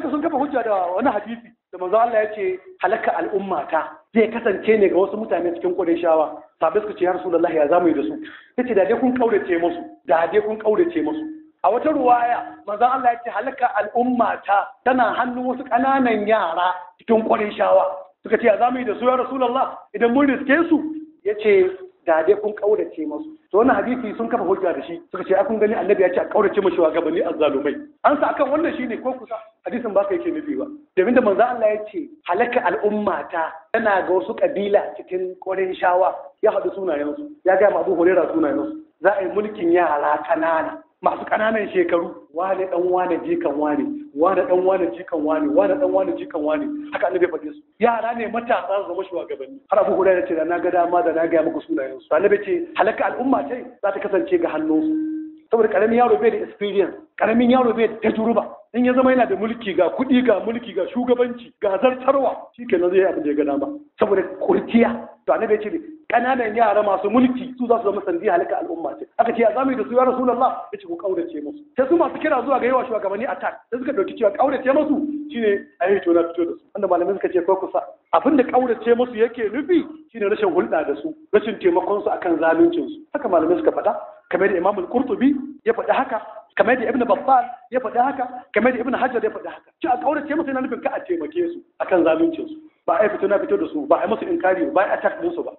haka sun kafa hujja da wani hadisi da manzo Allah ya ce halaka al'ummata zai kasance ne ga wasu mutane cikin Qurayshawa sabis suka ce ya Rasulullahi ya zamu yi da su yace da dai kun kaurace musu da dai kun kaurace musu a wata ruwaya manzo Allah ya ce halaka al'ummata tana hannun wasu kananan yara cikin Qurayshawa suka ce ya zamu yi da su ya Rasulullah idan mun riske su yace da dai kun kaurace masu to wannan hadisi sun kafa hujja da shi suka ce a kun gani annabi ya ce a kaurace mashi shugabanni azzalumai an sa akan wannan shine ko kusa hadisin baka ka yake nufi ba domin da manzo Allah ya ce halaka al'umma ta tana ga wasu kabila cikin ƙorin shawa ya haɗu sunayensu ya ga Abu sunayen sunayensu za a yi mulkin yara kanana masu ƙananan shekaru wane dan wane jikan wane wane dan wane jikan wane wane dan wane jikan wane haka annabi ya faɗe su yara ne matasa su zama shugabanni har abu ya ce da na ga dama da na ga muku sunayen su annabi ce halaka al'umma ce za ta kasance ga hannunsu saboda karamin yaro bai da experience karamin yaro bai da tajruba in ya zama yana da mulki ga kuɗi ga mulki ga shugabanci ga zartarwa shikenan zai abin da ya ga dama saboda kurciya to annabi ya ce kananan yara masu mulki su za su zama sandi halaka al'umma ce aka ce ya zamu da su ya rasulullah ya ce ku kaurace musu sai su masu kira zuwa ga yawa shugabanni attack sai suka dauki cewa kaurace musu shine ayi to na fito da su wanda malamai suka ce ko kusa abin da kaurace musu yake nufi shine rashin hulɗa da su rashin taimakon su akan zaluncin su haka malamai suka faɗa kamar da Imam al-Qurtubi ya faɗi haka kamar da Ibn Battal ya faɗi haka kamar da Ibn Hajar ya faɗi haka ci a kaurace musu yana nufin ka a taimake su akan zaluncin su ba a fito na fito da su ba a yi musu inkari ba a attack su ba